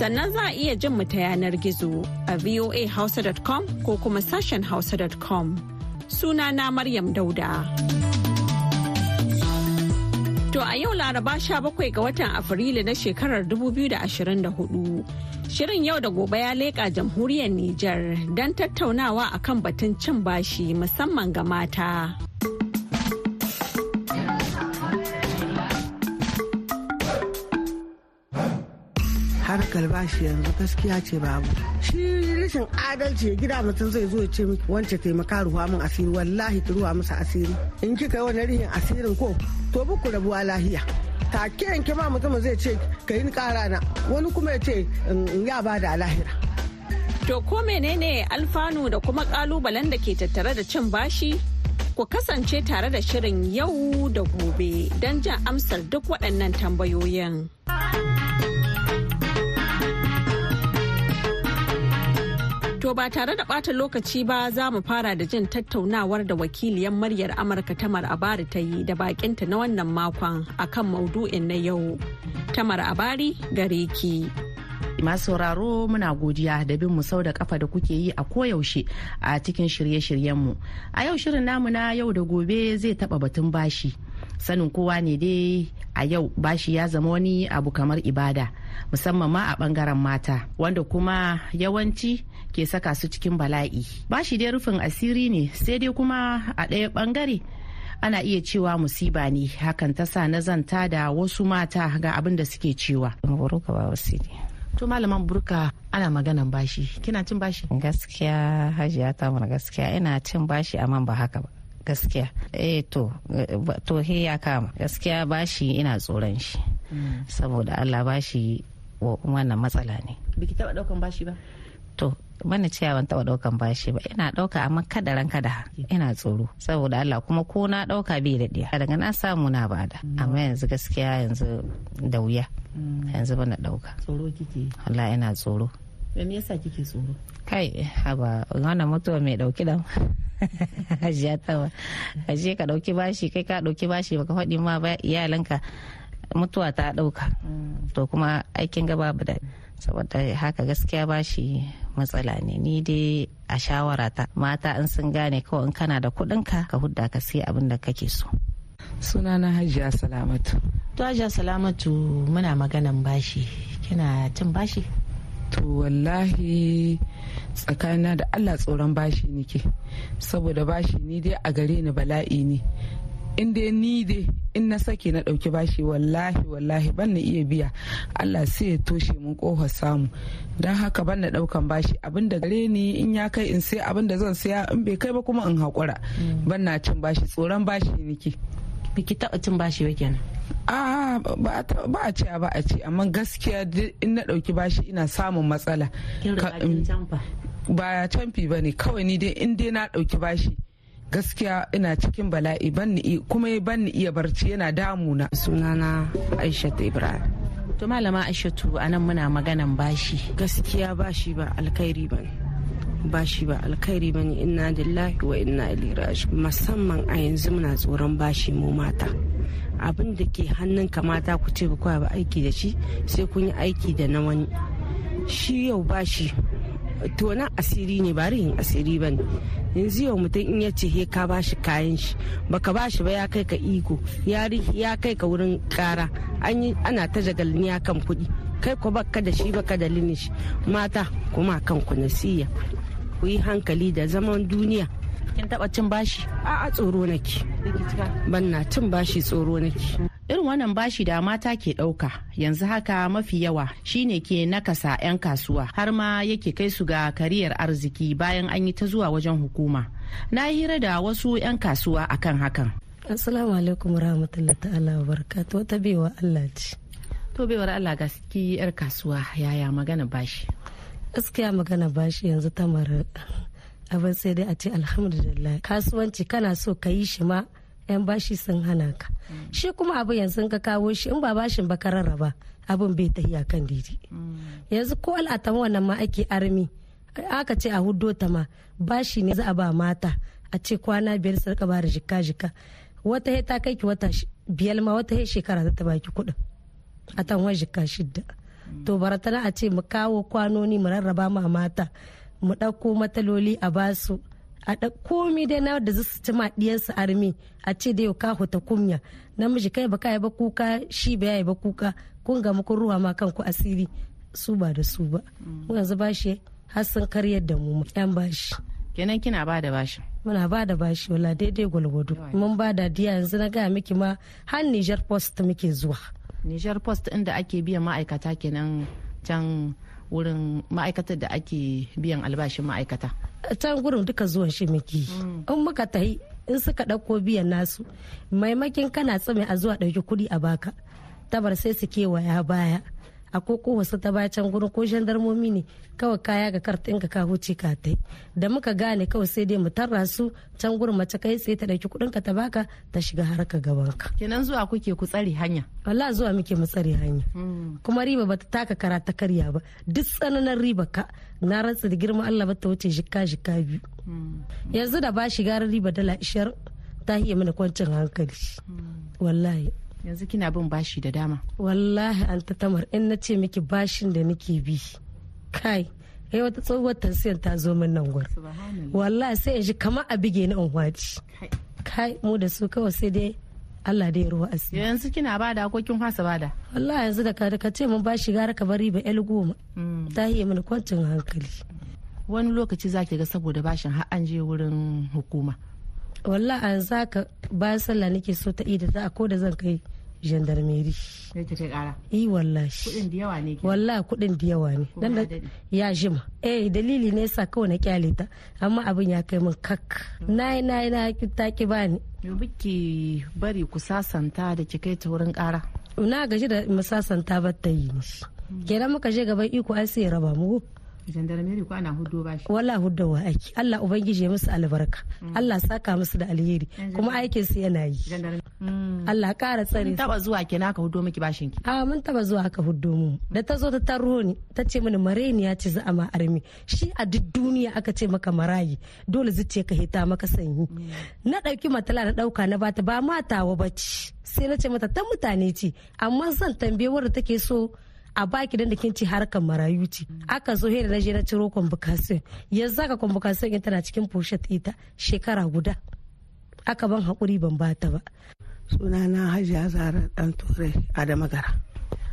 Sannan za a iya jin mu ta yanar gizo a voahausa.com ko kuma sashen hausa.com. na Maryam Dauda. To a yau Laraba 17 ga watan Afrilu na shekarar 2024. Shirin yau da gobe ya leƙa jamhuriyar Nijar don tattaunawa akan batun cin bashi musamman ga mata. harkar bashi yanzu gaskiya ce babu shi rashin adalci gida mutum zai zo ya ce miki wance taimaka ruwa min asiri wallahi ki ruwa musu asiri in kika yi wani rihin asirin ko to ku rabuwa lahiya take yanke ma mutum zai ce ka yi kara na wani kuma ya ce ya ba da lahira to ko menene alfanu da kuma kalubalen da ke tattare da cin bashi ku kasance tare da shirin yau da gobe don jan amsar duk waɗannan tambayoyin. To ba tare da ɓata lokaci ba za mu fara da jin tattaunawar da wakiliyar muryar Amurka Tamar Abari ta yi da bakinta na wannan makon akan maudu'in na yau. Tamar Abari gare ki. masu sauraro muna godiya da bin mu sau da kafa da kuke yi a koyaushe a cikin shirye-shiryenmu a yau shirin namu na yau da gobe zai taɓa batun bashi sanin kowa ne dai a yau bashi ya zama wani abu kamar ibada musamman ma a ɓangaren mata wanda kuma yawanci ke saka su cikin bala'i bashi dai rufin asiri ne sai dai kuma a ɗaya ɓangare ana iya cewa musiba ne hakan ta sa na zanta da wasu mata ga abin da suke cewa to malaman burka ana maganan bashi kina cin bashi gaskiya hajiya ta mana gaskiya ina cin bashi amma ba haka ba gaskiya eh to to he ya kama gaskiya bashi ina tsoron shi hmm. saboda Allah bashi wannan matsala ne biki taba daukan bashi ba to bana cewa ban taba daukan bashi ba ina dauka amma kada ranka da ina tsoro saboda Allah kuma ko na dauka bai diya daga na samu na bada amma yanzu gaskiya yanzu da wuya mm. yanzu bana dauka tsoro kike Allah ina tsoro me yasa kike tsoro kai haba wannan mutuwa mai dauki dan hajiya tawa kaje ka dauki bashi kai ka dauki bashi baka fadi ma ba iyalanka mutuwa ta dauka mm. to kuma aikin gaba ba da saboda haka gaskiya bashi matsala ne ni dai a shawara ta mata in sun gane kawai in kana da kuɗinka ka ka hudda ka sai abin da kake so na hajiya salamatu to hajiya salamatu muna maganan bashi kina cin bashi to wallahi tsakanina da allah tsoron bashi nike saboda bashi ni dai a gare ni bala'i ne in dai ni dai in na sake na ɗauki bashi wallahi wallahi ban na iya biya allah sai ya toshe mun ƙofa samu don haka ban na ɗaukan bashi abin da gare ni in ya kai in sai abin da zan saya in bai kai ba kuma in haƙura mm. ban na cin bashi tsoron bashi nake biki taɓa cin bashi ba kenan a ba a ce ba a ce amma gaskiya in na ɗauki bashi ina samun matsala mm, ba canfi ba ne kawai ni dai in dai na ɗauki bashi gaskiya ina cikin bala'i kuma banni iya barci yana damuna sunana aisha ibrahim to malama aishatu anan muna maganan bashi gaskiya bashi ba alkhairi ba bashi ba alkhairi ba ne inna lillahi wa inna ilaihi musamman a yanzu muna tsoron bashi mu mata abin da ke hannun kamata ku ce ba aiki da shi sai kun yi aiki da na wani shi yau bashi to na asiri ne ba rihin asiri ba ne yanzu yau mutum in ya ce he ka bashi kayan shi ba ka ba shi ba ya kai ka iko ya kai ka wurin kara ana ta ya kan kuɗi kai ko ka da shi ba ka da linish mata kuma kan ku nasiya ku yi hankali da zaman duniya kin taba cin bashi a'a tsoro nake ban na cin bashi tsoro nake irin wannan bashi da mata ke ɗauka yanzu haka mafi yawa shine ke nakasa 'yan kasuwa har ma yake kai su ga kariyar arziki bayan an yi ta zuwa wajen hukuma na hira da wasu 'yan kasuwa akan hakan assalamu alaikum rahmatullahi ta'ala barakatu wata baiwa allah ce to baiwar allah gaskiya 'yar kasuwa yaya magana bashi gaskiya magana bashi yanzu tamar abin sai dai a ce alhamdulillah kasuwanci kana so ka yi shi ma 'yan bashi sun hana ka mm. shi kuma abu yanzu ka kawo shi in ba bashin ba ka ba abin bai a kan didi mm. yanzu ko al'atan wannan ma ake armi aka ce a hudo ta ma bashi ne za a ba mata a ce kwana biyar su rika bada jika jika wata ta kai ki wata biyar ma wata shekara za ta baki kuɗin a wa jika shidda mm. to baratana a ce mu kawo kwanoni mu rarraba ma mata mu ɗauko mataloli a basu a da komi dai na da zasu ci maɗiyansu armi a ce da yau ka huta kumya namiji kai baka yi ba kuka shi ba yi ba kuka kun ga kun ruwa ma kanku asiri su ba da su ba mu yanzu bashi har sun karyar da mu yan bashi kenan kina ba da bashi muna ba da bashi wala daidai gwalgwado mun ba da diya yanzu na ga miki ma har Niger Post muke zuwa Niger Post inda ake biyan ma'aikata kenan can wurin ma'aikatar da ake biyan albashin ma'aikata can gurin duka zuwan shi miki mm. in muka tahi in suka ɗauko biyan nasu maimakin kana tsame a zuwa ɗauki kuɗi a baka tabar sai su kewaya baya a koko wasu ta bacan guri ko gendarmomi ne kawai kaya ga kartin ka ka huce ka tai da muka gane kawai sai dai mu tarra su can gurin mace kai sai ta dauki kudin ka ta baka ta shiga harka gaban ka kenan zuwa kuke ku tsare hanya wallahi zuwa muke mu tsare hanya hmm. kuma riba bata taka kara ta karya ba duk tsananan riba ka na rantsa da girman Allah ba ta wuce jikka jikka biyu hmm. yanzu da ba shiga riba dala 20 ta yi mana kwancin hankali hmm. wallahi yanzu kina bin bashi da dama wallahi altatamar in na ce miki bashin da nake bi kai kai wata tsohuwar tansiyan ta zo min nan gwar wallahi sai in shi kama a bige na in kai mu da su kawai sai dai Allah dai ruwa asiri yanzu kina bada ko kin fasa bada wallahi yanzu da ka ce mun bashi gara ka bari ba el goma mm. ta yi mini kwancin hankali wani lokaci zaki ga saboda bashin har an je wurin hukuma wallah a za ka ba sallah nake so ta ida za a ko da zan kai ta gendarmeri eh, yi wallahi kudin da yawa ne wallahi kudin da yawa ne dan da ya jima eh dalili ne yasa kawai na kyale ta amma abin ya kai min kak nayi mm. nayi na ta ki bani me bari ku sasanta da ki kai ta wurin kara na gaji da musasanta ba ta yi ni. Mm. kenan muka je gaban iko an sai raba mu jandarmeri ko ana hudu ba shi wala hudu wa aiki Allah ubangiji musu albarka mm. Allah saka musu da alheri kuma aikin su yana yi mm. Allah kara tsare taba zuwa ke naka hudu miki bashin ki a ah, mun taba zuwa aka hudu mu da ta zo ta taro ni ta ce mini mareni ya ce za a ma armi shi a duk duniya aka ce maka marayi dole zuciya ka hita maka sanyi mm. na dauki matala na dauka na bata ba matawa bacci sai na ce mata ta mutane ce amma zan tambaye wadda take so a baki dan da kin ci harkar marayu ce aka zo hira na je na ciro convocation yanzu aka convocation in tana cikin poshet ita shekara guda aka ban hakuri ban bata ba Suna hajiya zara dan turai da magara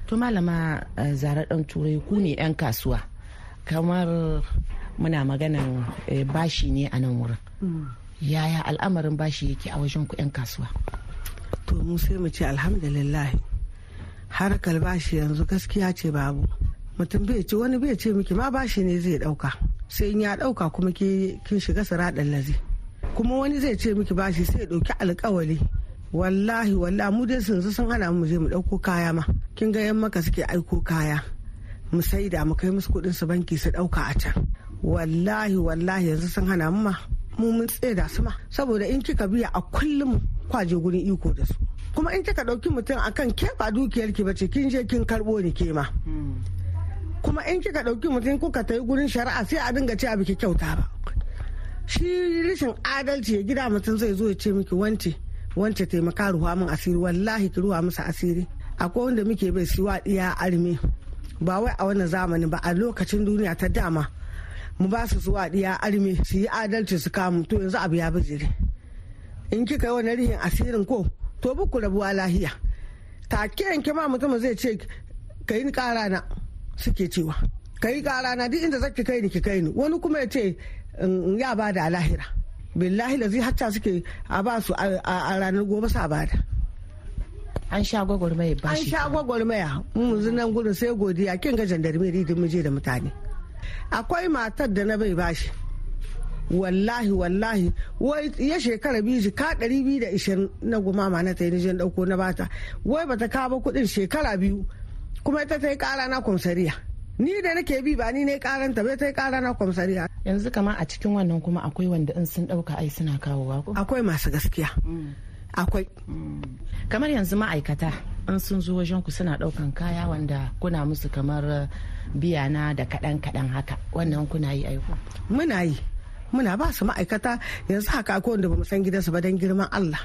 to malama eh, zara dan turai ku ne yan kasuwa kamar muna maganan eh, bashi ne a nan wurin mm. yaya al'amarin bashi yake a wajen ku yan kasuwa to mu sai mu ce alhamdulillah har kalbashi yanzu gaskiya ce babu mutum bai ce wani bai ce miki ma bashi ne zai dauka sai in ya dauka kuma kin shiga siraɗin lazi kuma wani zai ce miki bashi sai ya dauki alkawali wallahi wallahi mu dai sun sun hana mu je mu dauko kaya ma kin ga yan maka suke aiko kaya mu saida mu kai musu kudin su banki su dauka a can wallahi wallahi yanzu sun hana mu ma mu mun da su ma saboda in kika biya a kullum kwaje gurin iko da su kuma in kika ɗauki mutum akan ke ba dukiyar ki bace kin je kin karbo ni ke ma hmm. kuma in kika ɗauki mutum kuka ta yi gurin shari'a sai a dinga ce a biki kyauta ba shi rashin adalci ya gida mutum zai zo ya ce miki wance wance taimaka ruwa min asiri wallahi ki ruwa musu asiri akwai wanda muke bai siwa ɗiya arme ba wai a wannan zamani ba a lokacin duniya ta dama mu ba su zuwa ɗiya arme su yi adalci su kamu to yanzu abu ya bijire in kika yi wani rihin asirin ko to bu ku rabuwa lahiya take yanke ma mutum zai ce ka yi kara na suke cewa ka yi kara na duk inda zaki kai ni ki kai ni wani kuma ya ce ya ba da lahira billahi da zai hacca suke a ba su a ranar gobe sa bada an sha gwagwarmaya ba an sha gwagwarmaya mun zinan gurin sai godiya kin ga jandarmeri din muje da mutane akwai matar da na bai bashi wallahi wallahi wai ya shekara biyu ka ɗari biyu da ishirin na gumama na tayi nijin ɗauko na bata wai bata kawo kuɗin shekara biyu kuma ita ta yi ƙara na kwamsariya ni da nake bi ba ni ne ƙaranta bai ta yi ƙara na kwamsariya. yanzu kama a cikin wannan kuma akwai wanda in sun ɗauka ai suna kawowa ko. akwai masu gaskiya. akwai. kamar yanzu ma'aikata in sun zo wajen ku suna ɗaukan kaya wanda kuna musu kamar eh, biya na da kaɗan kaɗan haka wannan kuna yi aiko. muna yi. muna ba su ma'aikata yanzu haka akwai wanda bamu san gidansu ba don girman Allah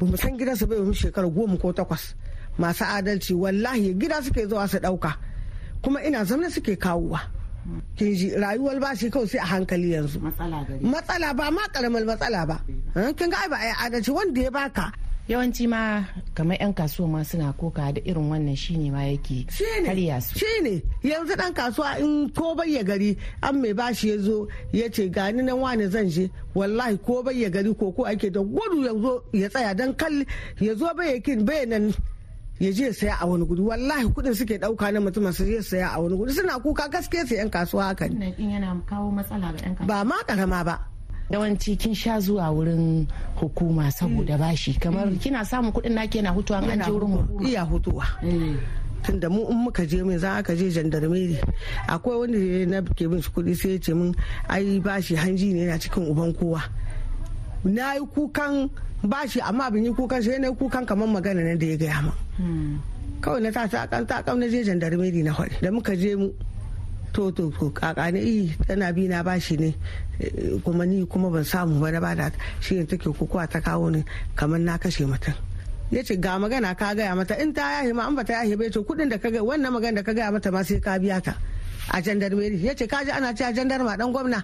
bamu san gidansu ba mu shekara goma ko takwas masu adalci wallahi gida suke zuwa su dauka kuma ina zamna suke kawowa kin ji rayuwar ba shi kawai sai a hankali yanzu matsala ba ma karamar matsala ba eh, kin ga ba ai adalci wanda ya baka yawanci ma kamar yan kasuwa ma suna koka da irin wannan shine ma yake karya su shine yanzu dan kasuwa in ko bayya gari an mai bashi ya zo ya ce gani nan wani zan je wallahi ko bayya gari ko ko ake da gudu ya zo ya tsaya dan kalli ya zo bayyakin bayanan ya je saya a wani gudu wallahi kudin suke dauka na mutum su je saya a wani gudu suna kuka gaske su yan kasuwa hakan ba ma karama ba yawanci kin sha zuwa wurin hukuma saboda bashi kamar kina samun kuɗin naki yana hutuwa an je wurin hukuma iya hutuwa tunda mu in muka je min za ka je jandarmeri akwai wanda na ke bin shi kuɗi sai ya ce min ai bashi hanji ne yana cikin uban kowa na yi kukan bashi amma bin yi kukan sai na yi kukan kamar magana nan da ya gaya min kawai na ta kan ta na je jandarmeri na hori da muka je mu to to to kaka ne i eh, tana bi na bashi ne eh, kuma ni kuma ban samu ba na bada shi ne take kukuwa ta kawo ni kamar na kashe mutum ya ce ga magana ka gaya mata in ta yahi ma an ba ta yahi bai to kudin da ka gaya wannan magana da ka gaya mata ma sai ka biya ta a jandarmeri ya ce ka ji ana cewa jandarma dan gwamna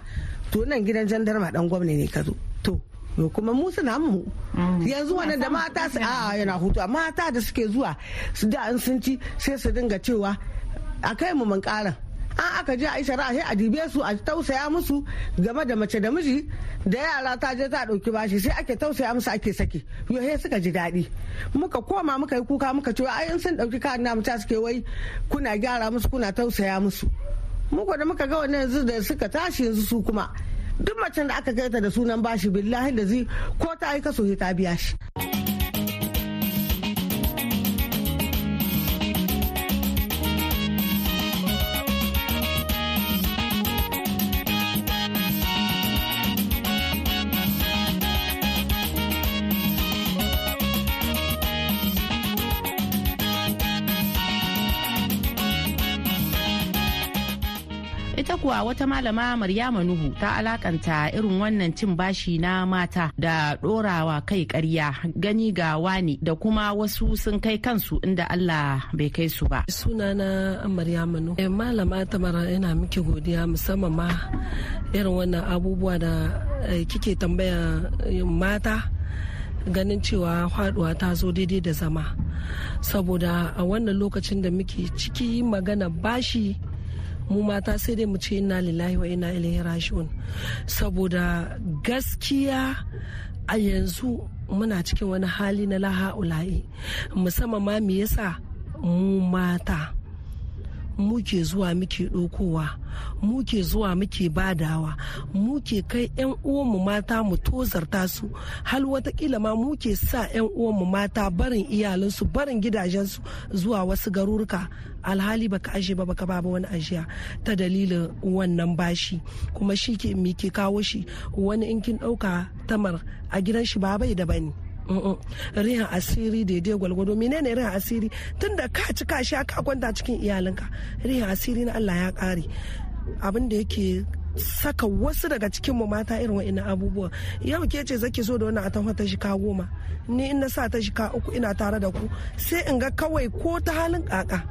to nan gidan jandarma dan gwamna ne ka zo to yo kuma mu suna mu mm. yanzu wannan da mata su a yana hutu mata da suke zuwa su da an sun ci sai su dinga cewa a kai mu mun karan an aka je a yi shari'a a dibe su a tausaya musu game da mace da miji da yara ta je ta dauki bashi sai ake tausaya musu ake saki yo sai suka ji daɗi muka koma muka yi kuka muka ce ai sun dauki kan namu ta suke wai kuna gyara musu kuna tausaya musu muka da muka ga wannan yanzu da suka tashi yanzu su kuma duk macen da aka kai da sunan bashi billahi da zi ko ta yi kaso ta biya shi ita kuwa wata malama maryama nuhu ta alakanta irin wannan cin bashi na mata da dorawa kai karya gani ga wani da kuma wasu sun kai kansu inda allah bai kai su ba sunana maryama nuhu eh, malama tamara ina miki godiya musamman ma irin wannan abubuwa da eh, kike tambaya eh, mata ganin cewa faduwa ta zo daidai da zama saboda a wannan lokacin da muke ciki magana bashi mu mata sai dai mu ce inna lillahi wa inna ilaihi raji'un saboda gaskiya a yanzu muna cikin wani hali na laha'ula'i musamman ma me yasa mu mata muke zuwa muke ɗokowa muke zuwa muke badawa muke kai 'yan uwanmu mata mu tozarta su hal watakila ma muke sa 'yan uwanmu mata barin iyalinsu barin gidajensu zuwa wasu garuruka alhali baka ashe ba baka ba wani ajiya ta dalilin wannan bashi kuma shi ke kawo shi wani in kin ɗauka tamar a gidan shi ba bai da bane rihan asiri daidai gwalgwado menene rihan asiri tunda ka ci ka sha ka kwanta cikin iyalinka rihan asiri na Allah ya kare abin da yake saka wasu daga cikin mu mata irin wa'annan abubuwa yau ke ce zaki so da wani atamfa ta shika goma ni in na sa ta shika uku ina tare da ku sai in ga kawai ko ta halin kaka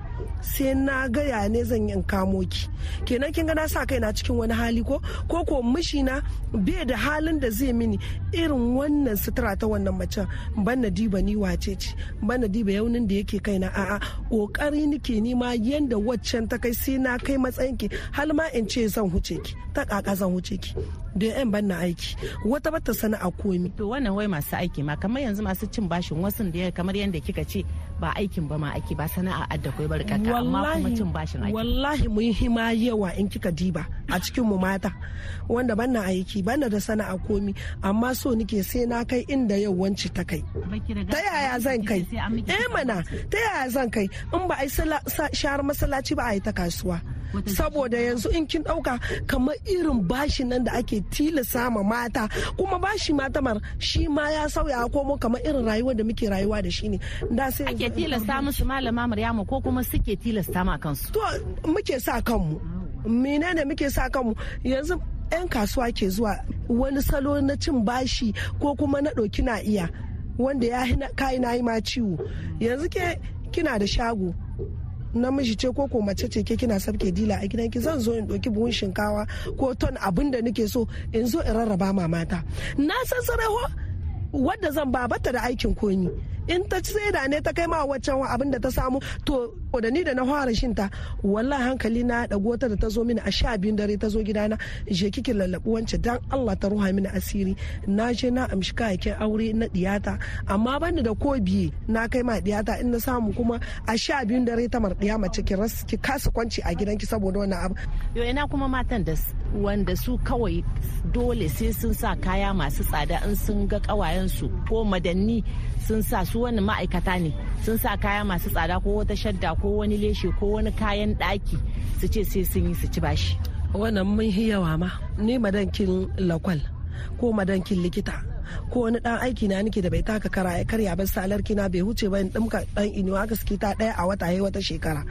sai na gaya ne zan yi in kamo ki kenan kin ga na sa kai na cikin wani hali ko ko ko na bai da halin da zai mini irin wannan sutura ta wannan mace ban na diba ni wace ce ban na diba yaunin da yake kaina a'a kokari nike nima yanda waccan ta kai sai na kai matsayin ki har ma in ce zan huce ki ta kaka zan wuce ki da yan ban na aiki wata bata sana'a komi to wannan wai masu aiki ma kamar yanzu masu cin bashin wasu da kamar yadda kika ce ba aikin ba ma aiki ba sana'a adda kai bar kaka amma kuma cin bashin aiki wallahi mun hima yawa in kika diba a cikin mu mata wanda ban na aiki ban da sana'a komi amma so nike sai na kai inda yau wanci ta kai ta yaya zan kai eh mana ta yaya zan kai in ba ai shar masallaci ba a yi ta kasuwa saboda yanzu in kin dauka kamar irin bashi nan da ake tilasa ma mata kuma bashi mata mar shi ma ya sauya ko mu kamar irin rayuwar da muke rayuwa da shi ne da sai ake tilasta musu malama maryamu ko kuma suke tilasta ma kansu to muke sa kanmu menene muke sa kanmu yanzu 'yan kasuwa ke zuwa wani salo na cin bashi ko kuma na ɗauki na iya wanda ya kai na yi ma ciwo yanzu ke kina da shago namiji ce ko ko mace ce ke kina sabke dila a gidan ki zan zo in ɗauki buhun shinkawa ko ton abin da nake so in zo in rarraba ma mata na san sarawa wadda zan babata da aikin koni in ta sai da ne ta kai ma waccan abin da ta samu to da da na fara shin ta wallahi hankali na dago ta da ta zo mini a sha biyun dare ta zo gidana je kike lallabu wancan dan Allah ta ruha mini asiri na je na amshi kayakin aure na diyata amma bani da ko biye na kai ma diyata in na samu kuma a sha biyun dare ta mardiya mace ki ki kasa kwanci a gidanki saboda wannan abu yo ina kuma matan da wanda su kawai dole sai sun sa kaya masu tsada in sun ga su ko madanni sun sa su wani ma'aikata ne sun sa kaya masu tsada ko wata shadda ko wani leshe ko wani kayan ɗaki su ce sai sun yi su ci bashi. wannan mun yi yawa ma ni madankin lakwal ko madankin likita ko wani dan aiki na nake da bai taka kara ya karya ba salar kina bai huce ba in dimka dan inuwa gaske ta daya a wata wata shekara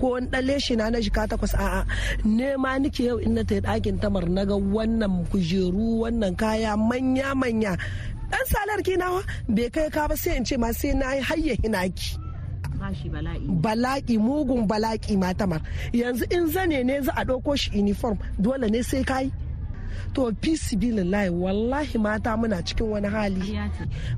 ko wani dan leshi na na shika takwas a'a nema nake yau in na ta dakin tamar na ga wannan kujeru wannan kaya manya manya dan salar kinawa bai kai ka ba sai in ce ma sai na yi hayyahi bala'i mugun bala'i matamar yanzu in zane ne za a ɗauko shi uniform dole ne sai kai to peace be billahi wallahi mata muna cikin wani hali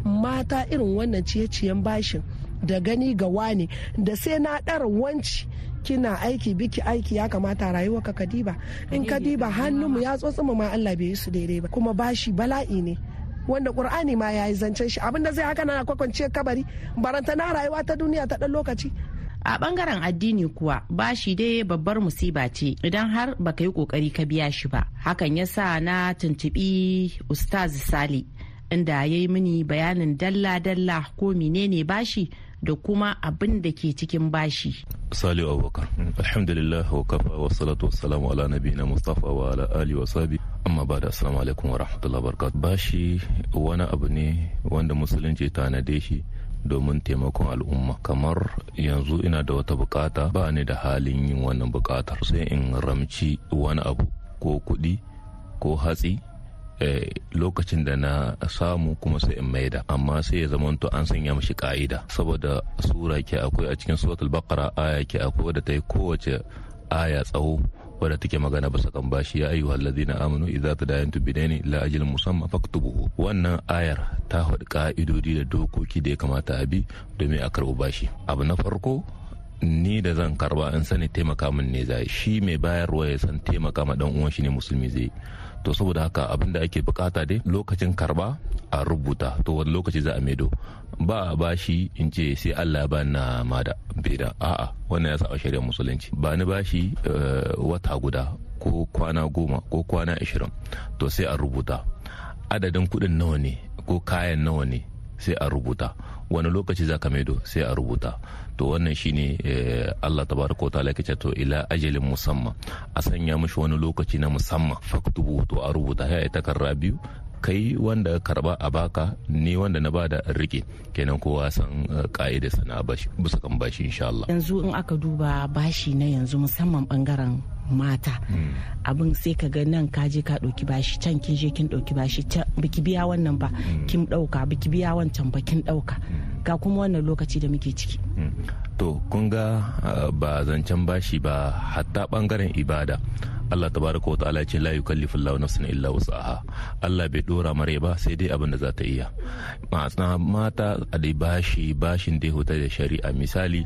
mata irin wannan ciye-ciyen bashin da gani ga wani da sai na ɗara wanci kina aiki biki aiki ya kamata rayuwa ka kadiba in kadiba hannunmu ya tsotsi ma Allah bai yi su daidai ba kuma bashi bala'i ne wanda qur'ani ma ya yi zancen shi abinda zai haka na kwakwance kabari baranta na rayuwa ta duniya ta ɗan lokaci a bangaren addini kuwa bashi dai babbar musiba ce idan har baka yi kokari ka biya shi ba hakan ya sa na tuntubi ustaz sali inda ya yi mini bayanin dalla-dalla ko menene bashi da kuma abin da ke cikin bashi. Salihu Abubakar, alhamdulillah wa kafa wa salatu wa salamu ala nabi na Mustapha wa ala Ali wa sabi amma ba da assalamu alaikum wa rahmatullahi barkat bashi wani abu ne wanda musulunci tanade shi domin taimakon al'umma kamar yanzu ina da wata bukata ba ni da halin yin wannan bukatar sai in ramci wani abu ko kuɗi ko hatsi eh, lokacin da na samu kuma sai in maida amma sai ya zama an sanya mashi ka'ida saboda sura ke akwai a cikin suratul bakara. aya ke akwai da ta yi kowace aya tsawo wadda take magana bisa kan bashi ya ayyuha allazina amanu idza tadayantu bidaini la ajal musamma faktubuhu wannan ayar ta faɗi ka'idodi da dokoki da ya kamata a bi domin a karbo bashi abu na farko ni da zan karba in sani taimaka min ne zai shi mai bayarwa ya san taimaka ma dan uwan shi ne musulmi zai to saboda haka abin da ake bukata dai lokacin karba a rubuta to wani lokaci za a maido ba a bashi in ce sai Allah ba na mada beda a'a wannan ya saba shari'ar musulunci ba ni bashi eh, wata guda ko kwana goma ko kwana ashirin to sai a rubuta adadin kuɗin nawa ne ko kayan nawa ne sai a rubuta wani lokaci za ka maido sai a rubuta to wannan shine eh, Allah ta ko ta kace to ila ajalin musamman a sanya mishi wani lokaci na musamman faktubu to a rubuta ya yi takarra biyu kai wanda karba a baka ni wanda na bada rike kenan kowa san eh, ka'ida sana bisa kan bashi insha Allah yanzu in aka duba bashi na yanzu musamman bangaren mata hmm. abin sai ka ga nan ka je ka ɗauki bashi can kin je kin ɗauki bashi biki biya wannan ba hmm. kin ɗauka biki biya wancan ba kin ɗauka hmm. ga kuma wannan lokaci da muke ciki to kun ga eh, ba zancen bashi ba hatta bangaren ibada Allah tabaraka ya ce la yukallifu Allahu nafsan illa wus'aha Allah bai dora mare ba sai dai abin da za ta iya mata a dai bashi bashin da ya da shari'a misali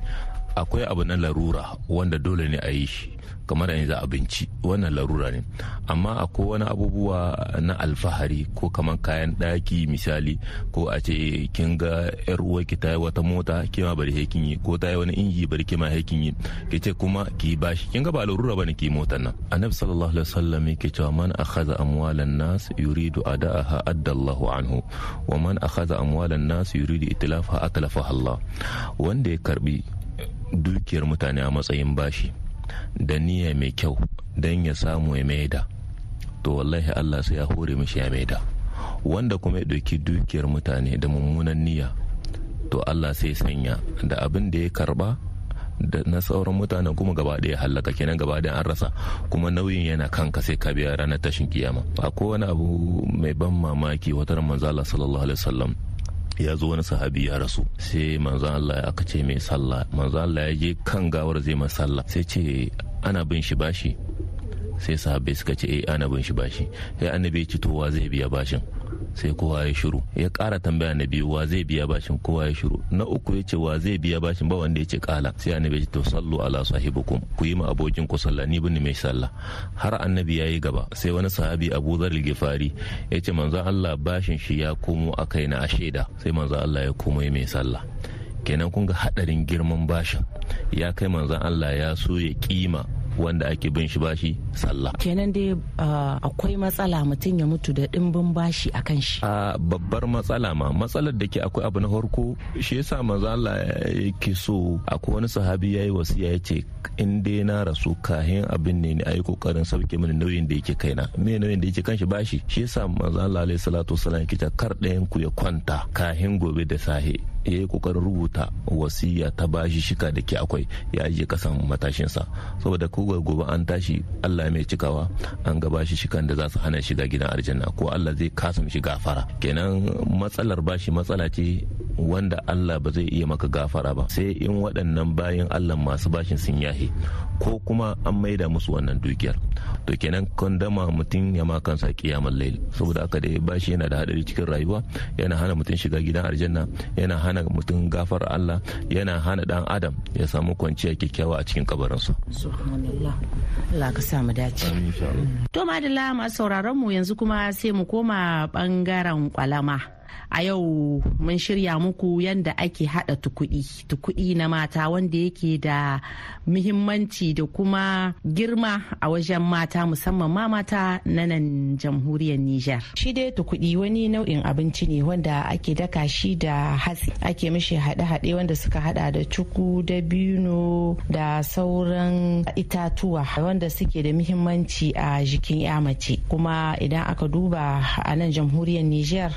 akwai abu na larura wanda dole ne a yi shi kamar yanzu abinci wannan larura ne amma akwai wani abubuwa na alfahari ko kamar kayan ɗaki misali ko a ce eh, kin ga yar uwarki ta yi wata mota kima bari hekin yi ko ta yi wani inji bari kima hekin yi ke ce kuma ki bashi kin ga ba larura bane ki mota. nan annabi sallallahu alaihi wasallam yake cewa man akhadha amwalan nas yuridu ada'aha addallahu anhu wa man akhadha amwalan nas yuridu itlafaha atlafaha Allah wanda ya karbi dukiyar mutane a matsayin bashi da niyya mai kyau don ya samu ya maida to wallahi allah sai ya hore mishi ya maida wanda kuma ya ɗauki dukiyar mutane da mummunan niyya to allah sai sanya da abin da ya karba da na sauran mutanen kuma gaba ɗaya hallaka kenan gaba ɗaya an rasa kuma nauyin yana kanka sai ka biya ranar tashin kiyama akwai wani abu mai ban mamaki wata manzala sallallahu alaihi wasallam ya zo wani sahabi ya rasu sai manzan Allah ya aka ce mai sallah manzan Allah ya je kan gawar zai mai sallah sai ce ana bin shi bashi sai sahabbai suka ce eh ana bin shi bashi sai annabi ya ci towa zai biya bashin sai kowa ya shiru ya kara tambaya na biyu wa zai biya bashin kowa ya shiru na uku ya ce wa zai biya bashin ba wanda ya ce kala sai annabi ya ce to sallu ala sahibukum ku yi ma abokin ku sallah ni bin mai sallah har annabi ya yi gaba sai wani sahabi Abu Dharr Gifari ya ce manzo Allah bashin shi ya komo a kaina a shaida sai manzo Allah ya komo mai sallah kenan kun ga hadarin girman bashin ya kai manzon Allah ya so ya kima wanda ake bin shi bashi sallah kenan dai akwai matsala mutum ya mutu da dimbin bashi a kan shi a babbar matsala ma matsalar da ke akwai abu na farko shi yasa manzo Allah yake so akwai wani sahabi yayi wasiya yace in dai na rasu kahin abin ne ni ayi kokarin sauke mini nauyin da yake kaina me nauyin da yake kanshi bashi shi yasa manzo Allah alaihi salatu wasallam yake ta kar ɗayan ku ya kwanta kahin gobe da sahe ya yi kokarin rubuta wasiya ta bashi shika da ke akwai ya ajiye kasan matashinsa saboda kogar gobe an tashi allah mai cikawa an ga bashi shikan da za su hana shiga gidan aljanna ko allah zai kasa mishi gafara kenan matsalar bashi matsala ce wanda allah ba zai iya maka gafara ba sai in waɗannan bayan allah masu bashin sun yahe ko kuma an maida musu wannan dukiyar to kenan kondama mutum ya ma kansa kiyamar lail saboda aka da bashi yana da hadari cikin rayuwa yana hana mutum shiga gidan aljanna yana hana mutum gafar Allah yana hana dan adam ya samu kwanciya kyakkyawa a cikin kabarinsa. Allah ka sa mu dace. To madalla masu sauraron mu yanzu kuma sai mu koma bangaren kwalama. a yau mun shirya muku yadda ake hada tukudi tukudi na mata wanda yake da muhimmanci da kuma girma a wajen mata musamman ma mata na nan jamhuriyar Nijar. Shi dai tukudi wani nau'in abinci ne wanda ake daka shi da hatsi ake mishi hade-hade wanda suka hada da cuku da bino da sauran itatuwa wanda suke da muhimmanci a jikin ya mace kuma idan aka duba a nan jamhuriyar Nijar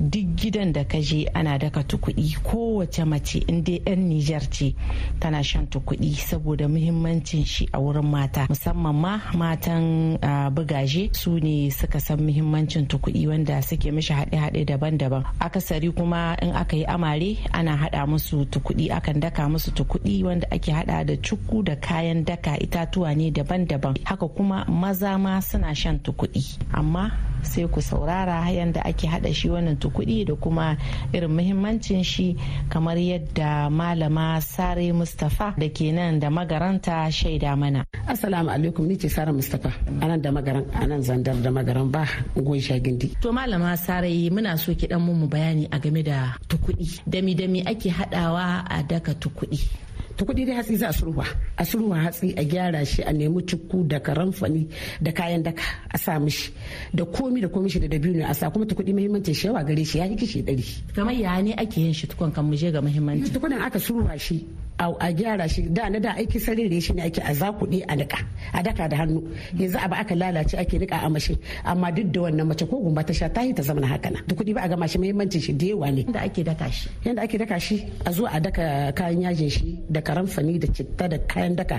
duk gidan da ka je ana daka tukudi kowace mace inda yan nijar ce tana shan tukudi saboda muhimmancin shi a wurin mata musamman ma matan bugaje su ne suka san muhimmancin tukudi wanda suke mishi haɗe-haɗe daban-daban akasari kuma in aka yi amare ana haɗa musu tukudi akan daka musu tukudi wanda ake haɗa da cuku da kayan daka itatuwa ne daban-daban haka kuma maza ma suna shan tukudi amma sai ku saurara yadda ake hada shi wannan tukudi da kuma irin muhimmancin shi kamar yadda malama sare mustafa da ke nan da magaranta shaida mana assalamu alaikum ni ce sare mustafa anan da magaran anan zandar da magaran ba goyi gindi to malama sare muna so ki dan mu bayani a game da tukudi dami dami ake hadawa a daka tukudi ta kudi dai hatsi za a surwa a surwa hatsi a gyara shi a nemi cikku da karamfani da kayan daka a sa mishi da komi da komi shi da dabino a sa kuma ta kudi muhimmancin shi yawa gare shi ya yi kishi dari. kamar ya ne ake yin shi tukun kan muje ga muhimmanci. tukunan aka surwa shi a gyara shi da na da aiki da shi ne ake a zakuɗe a niƙa a daka da hannu yanzu abu aka lalace ake niƙa a mashi amma duk da wannan mace ko gumba ta sha ta yi ta zama haka na duk kuɗi ba a gama shi muhimmancin shi da yawa ne yanda ake daka shi yanda ake daka shi a zo a daka kayan yajin shi da karamfani da citta da kayan daka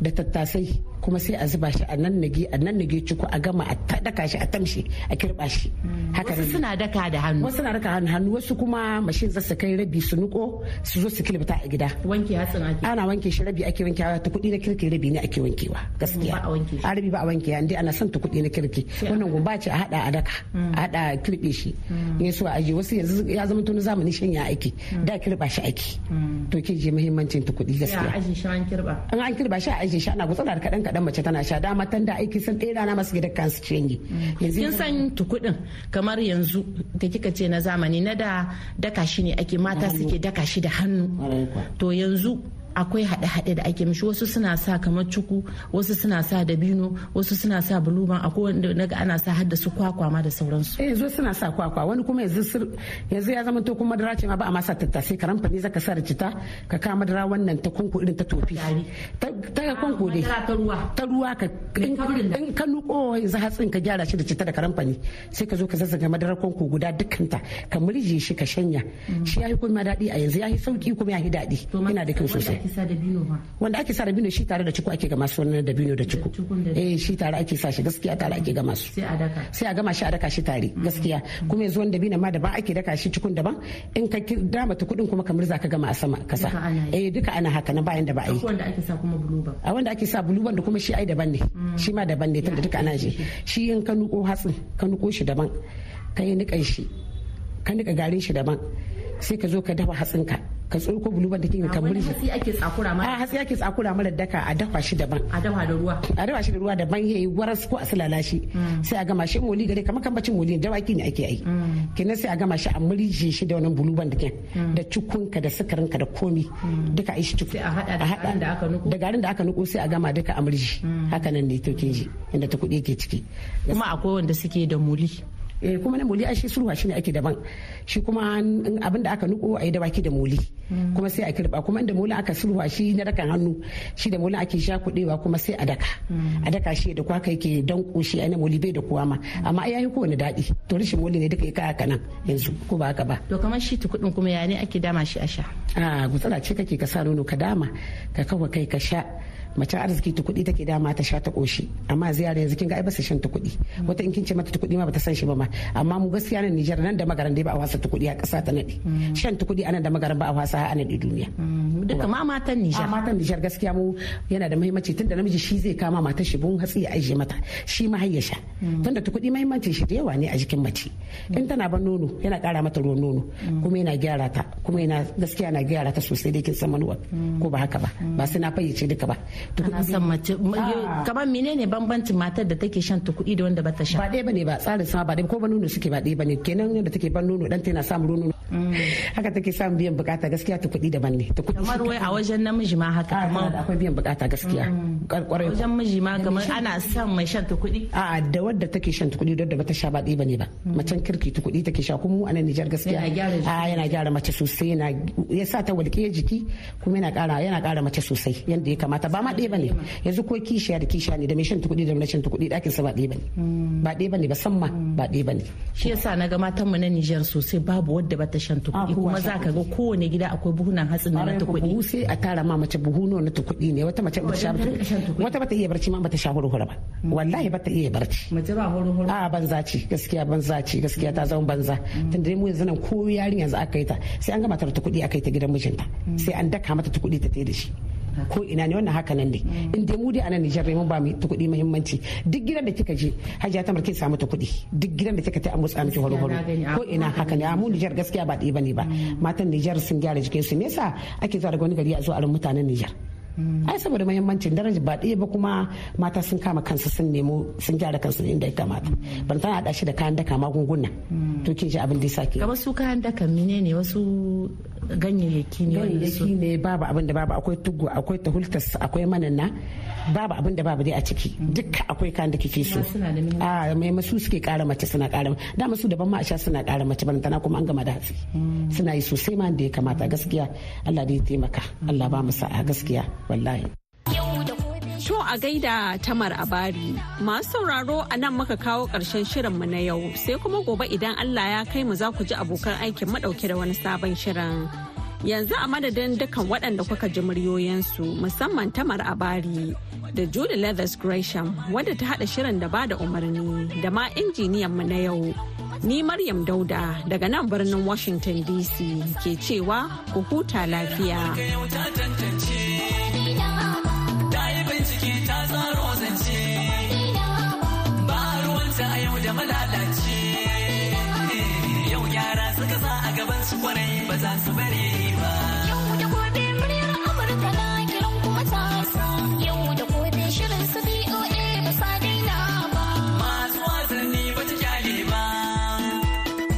da tattasai kuma sai a zuba shi a nan nage a nan nage ciku a gama a daka shi a tamshi a kirɓa shi haka wasu suna daka da hannu wasu suna daka hannu hannu wasu kuma mashin za su kai rabi su nuko su zo su kilbita a gida wanke hatsin ake ana wanke shi rabi ake wankewa ta kudi na kirki rabi ne ake wankewa gaskiya a rabi ba a wanke ya ana son ta kudi na kirki wannan gumba ce a hada a daka a hada kirbe shi mm. ne su a aje wasu yanzu ya zama tunu zamani ya ake mm. da kirba shi ake mm. to ke je muhimmancin ta kudi gaskiya an an kirba shi a aje shi ana gutsara kadan kadan mace tana sha dama tan da aiki san ɗaya rana masu gidan kansu ce yanzu kin san tukudin kamar yanzu da kika ce na zamani na da daka shi ne ake mata suke daka shi da hannu to yanzu akwai haɗe-haɗe da ake mishi wasu suna sa kamar cuku wasu suna sa dabino wasu suna sa buluban akwai wanda naga ana sa har da su kwakwa ma da sauransu eh yanzu suna sa kwakwa wani kuma yanzu yanzu ya zama to kuma madara ce ma ba a ma sa tattasai karan fani zaka sa cita ka ka madara wannan ta kunku irin ta tofi ta ta kunku dai ta ruwa ta ruwa ka in ka nuko yanzu hatsin ka gyara shi da cita da karamfani fani sai ka zo ka zazzaga madara kunku guda dukkanta ka murje shi ka shanya mm. shi yayi kuma daɗi a yanzu yayi sauki kuma yayi daɗi yana da kyau sosai ake sa dabino ba wanda ake sa dabino shi tare da ciko ake gama su wannan dabino da ciko eh shi tare ake sa shi gaskiya tare ake gama su sai a daka sai a gama shi a daka shi tare mm-hmm. gaskiya kuma yanzu wanda dabino ma daban ake daka shi cikun daban in ka dama ta kudin kuma kamar za ka gama a sama kasa eh duka ana haka na bayan da ba ai wanda ake sa kuma buluban a wanda ake sa buluban da kuma shi ai daban ne mm. shi ma daban ne tunda duka ana shi shi in ka nuko hatsin ka nuko shi daban ka yi nikan shi ka nika garin shi daban sai ka zo ka dafa hatsinka tsoro ko buluban da ke kamar hatsi ake tsakura a hatsi ake tsakura mara daka a dafa shi daban a dafa da ruwa a dafa shi da ruwa daban yayi waras ko a sulala shi mm. sai a gama shi moli gare kamar kan bacin moli dawaki ne ake yi mm. kenan sai a gama shi a murje shi da wannan buluban da ke mm. da cikunka da sukarinka da komi duka a shi cikin a hada da aka nuko da garin da aka nuko sai a gama duka a murje haka nan ne to kinji inda ta kudi ke ciki kuma akwai wanda suke da muli Eh, kuma na moli ashe surwa shi ne ake daban shi kuma abinda aka nuko a yi dawaki da moli mm. kuma sai a kirba kuma inda moli aka surwa shi na dakan hannu shi da moli ake sha kudewa kuma sai a daka mm. a daka shi da kwa kai ke dan kushi ai na moli bai da kowa ma mm. amma ai yayi kowane daɗi to rashin moli ne duka ya haka nan yanzu ko ba haka ba to kamar shi tukudin kuma ya ne ake dama shi a sha a ah, gutsara ce kake ka sa nono ka dama ka kawo kai ka sha mace arziki ta kuɗi take dama ta sha ta ƙoshi amma ziyara yanzu kin ga ai ba shan ta kuɗi wata in kin ce mata ta kuɗi ma bata san shi ba ma amma mu gaskiya nan Nijar nan da magaran dai ba a wasa ta kuɗi a ƙasa ta nadi mm. shan ta kuɗi anan da magaran ba a wasa a anan duniya mm. duka ma matan Nijar matan Nijar gaskiya mu yana da muhimmanci tunda namiji shi zai kama matar shi bun hatsi a aje mata shi ma hayya sha mm. tunda ta kuɗi muhimmancin shi da yawa ne a jikin mace in tana ban nono yana ƙara mata ruwan nono kuma yana gyara ta kuma yana gaskiya yana gyara ta sosai dai kin san manuwa ko ba haka ba ba sai na fayyace duka ba tukuɗi mace ah. kamar menene bambancin matar da take shan tukuɗi da wanda bata sha ba ɗaya bane ba tsarin sama ba ɗaya ko ba nono suke ba ɗaya bane kenan yadda take ban nono dan tana samun nono Mm. haka take samun biyan bukata gaskiya ta kuɗi daban ne ta kuɗi kamar wai a wajen namiji ma haka ah, kamar akwai biyan bukata gaskiya mm. kwarai wajen miji ma kamar ana son mai shan ta kuɗi a da wadda take shan ta kuɗi da bata sha ba ɗi bane ba mm. macen kirki ta kuɗi take sha kuma a nan Nijar gaskiya a yana gyara mace sosai yana ya sa ta walƙiya jiki kuma yana ƙara yana ƙara mace sosai yanda ya kamata ba ma ɗaya bane yanzu ko kishiya da kishiya ne da mai shan ta kuɗi da mai shan ta kuɗi ɗakin sa ba ɗaya bane ba ɗaya bane ba san ma ba ɗaya bane shi yasa na ga matan mu na Nijar sosai babu wadda bata shan tukudi ah, kuma za ka ga kowane gida akwai buhunan hatsin na tukudi buhu sai a tara ma mace buhu na tukudi ne wata mace ba ta tukudi wata ba ta iya barci ma ba ta sha ba wallahi ba ta iya barci mace ba huru a banza ce gaskiya banza ce gaskiya ta zama banza mm. tunda dai mu yanzu nan ko yarinya yanzu aka yi ta sai an ga matar tukudi aka yi ta gidan mijinta mm. sai an daka mata tukudi ta tayi da shi ko ina ne wannan haka nan ne mm. in dai mu dai anan Nijar ne mun ba mu ta kuɗi muhimmanci duk gidan da kika je Hajiya ta marke samu ta kuɗi duk gidan da kika ta amsa miki horo horo ko ina haka ne mu Nijar gaskiya ba ɗaya bane ba mm. matan Nijar sun gyara jikin su me yasa ake zuwa daga wani gari a zo a mutanen Nijar Mm. ai saboda mahimmancin daraja ba ɗaya ba kuma mata sun kama kansu sun nemo sun gyara kansu inda ya kamata mm. ban tana d'a shi da kayan daka magunguna mm. to kin ji abin da yasa ke ga wasu kayan daka mine ne wasu ganyayyaki ne ganyayyaki ne babu abin da babu akwai tugu akwai tahultas akwai manana babu abin da babu dai a ciki duk akwai kayan da kike so a ah, mai masu suke kara mace suna kara da masu daban ma a sha suna kara mace ban tana kuma an gama da hatsi suna yi sosai ma da ya kamata gaskiya Allah da ya taimaka Allah ba mu sa'a gaskiya wallahi To a gaida tamar abari masu sauraro a nan muka kawo ƙarshen shirinmu na yau sai kuma gobe idan Allah ya kai mu za ku ji abokan aikin madauke da wani sabon shirin. Yanzu a madadin dukkan waɗanda kuka ji muryoyinsu musamman tamar abari da Julie Leathers Gresham wadda ta haɗa shirin da bada umarni da ma injiniyan mu na yau. Ni Maryam Dauda daga nan birnin Washington DC ke cewa ku huta lafiya. take ta tsaro zance ba ruwanta a yau da malalace eh, yau gyara suka sa a gaban su kwarai ba za su bare ba